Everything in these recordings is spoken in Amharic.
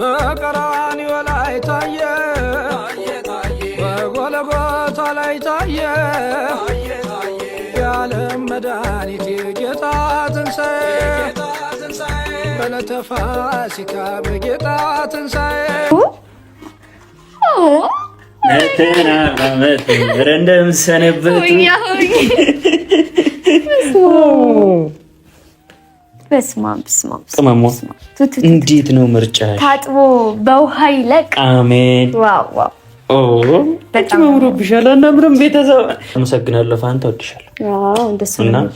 በቀራንዮ ላይ ታየ፣ በጎልጎታ ላይ ታየ፣ የዓለም መድኃኒት የጌታ ትንሣኤ በዕለተ ፋሲካ በጌታ ትንሣኤ እንደምሰነበት ቅመሟ እንዴት ነው ምርጫ ታጥቦ በውሃ ይለቅ። አሜን። በጣም አምሮብሻል። አናምርም? ቤተሰብ አመሰግናለሁ። ፋንታ ወድሻለሁ።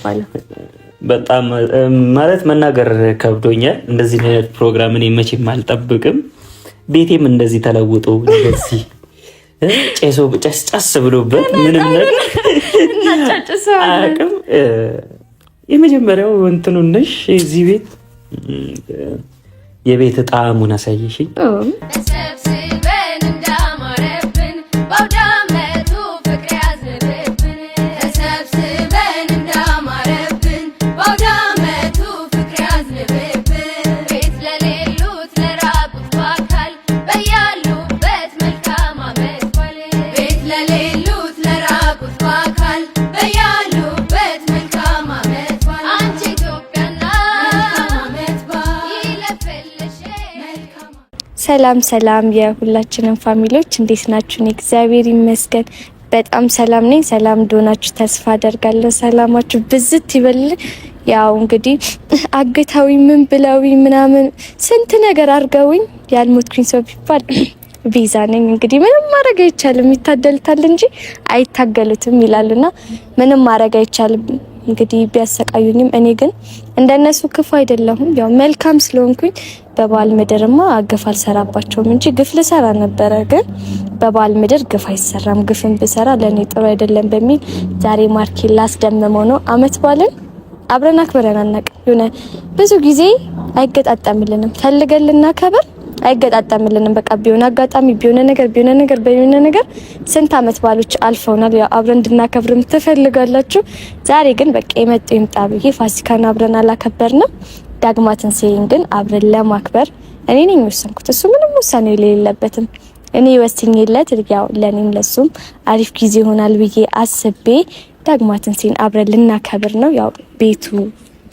በጣም ማለት መናገር ከብዶኛል። እንደዚህ አይነት ፕሮግራም እኔ መቼም አልጠብቅም። ቤቴም እንደዚህ ተለውጦ እንደዚህ ጨስ ጨስ ብሎበት ምንም ነገር አያውቅም። የመጀመሪያው እንትኑን ነሽ የዚህ ቤት የቤት ጣዕሙን አሳየሽኝ። ሰላም ሰላም የሁላችንም ፋሚሊዎች እንዴት ናችሁ? እግዚአብሔር ይመስገን በጣም ሰላም ነኝ። ሰላም እንደሆናችሁ ተስፋ አደርጋለሁ። ሰላማችሁ ብዝት ይበል። ያው እንግዲህ አግታዊ ምን ብለዊ ምናምን ስንት ነገር አድርገውኝ ያልሞትኩኝ ሰው ቢባል ቪዛ ነኝ። እንግዲህ ምንም ማድረግ አይቻልም፣ ይታደሉታል እንጂ አይታገሉትም ይላሉና ምንም ማድረግ አይቻልም። እንግዲህ ቢያሰቃዩኝም እኔ ግን እንደነሱ ክፉ አይደለሁም። ያው መልካም ስለሆንኩኝ በባል ምድርማ ግፍ አልሰራባቸውም እንጂ ግፍ ልሰራ ነበረ። ግን በባል ምድር ግፍ አይሰራም፣ ግፍን ብሰራ ለእኔ ጥሩ አይደለም በሚል ዛሬ ማርኪ ላስደምመው ነው። አመት ባልን አብረን አክብረን አናውቅም። የሆነ ብዙ ጊዜ አይገጣጠምልንም። ፈልገን ልናከብር አይገጣጠምልንም። በቃ ቢሆን አጋጣሚ ቢሆነ ነገር ቢሆነ ነገር በሚሆነ ነገር ስንት አመት ባሎች አልፈውናል። ያው አብረን እንድናከብርም ትፈልጋላችሁ። ዛሬ ግን በቃ የመጡ ይምጣ ብዬ ፋሲካን አብረን አላከበርንም። ዳግማ ሴን ግን አብረን ለማክበር እኔ ነኝ የወሰንኩት። እሱ ምንም ውሳኔ የሌለበትም እኔ ወስኜለት ያው ለኔም ለሱም አሪፍ ጊዜ ይሆናል ብዬ አስቤ ዳግማ ትንሣኤን አብረን ልናከብር ነው። ያው ቤቱ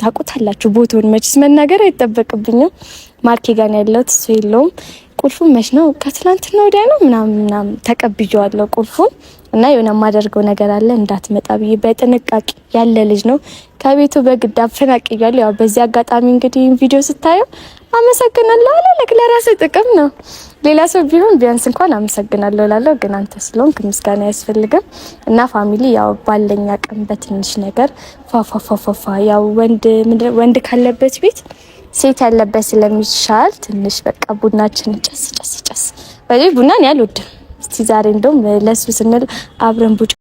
ታውቁታላችሁ ቦታውን መችስ መናገር አይጠበቅብኝም። ማርኬ ጋር ነው ያለሁት፣ እሱ የለውም። ቁልፉን መች ነው ከትላንትና ወዲያ ነው ምናምን ምናምን ተቀብዬዋለሁ ቁልፉን እና የሆነ የማደርገው ነገር አለ እንዳትመጣ ብዬ በጥንቃቄ ያለ ልጅ ነው ከቤቱ በግድ አፈናቅያለሁ። ያው በዚህ አጋጣሚ እንግዲህ ቪዲዮ ስታየው አመሰግናለሁ አላለቅ ለራስ ጥቅም ነው። ሌላ ሰው ቢሆን ቢያንስ እንኳን አመሰግናለሁ ላለው፣ ግን አንተ ስለሆንክ ምስጋና አያስፈልግም። እና ፋሚሊ ያው ባለኛ ቀን በትንሽ ነገር ፏፏፏፏ ያው ወንድ ወንድ ካለበት ቤት ሴት ያለበት ስለሚሻል ትንሽ በቃ ቡናችን ጨስ ጨስ ጨስ። ቡና ቡናን ያልወድም። እስቲ ዛሬ እንደውም ለሱ ስንል አብረን ቡ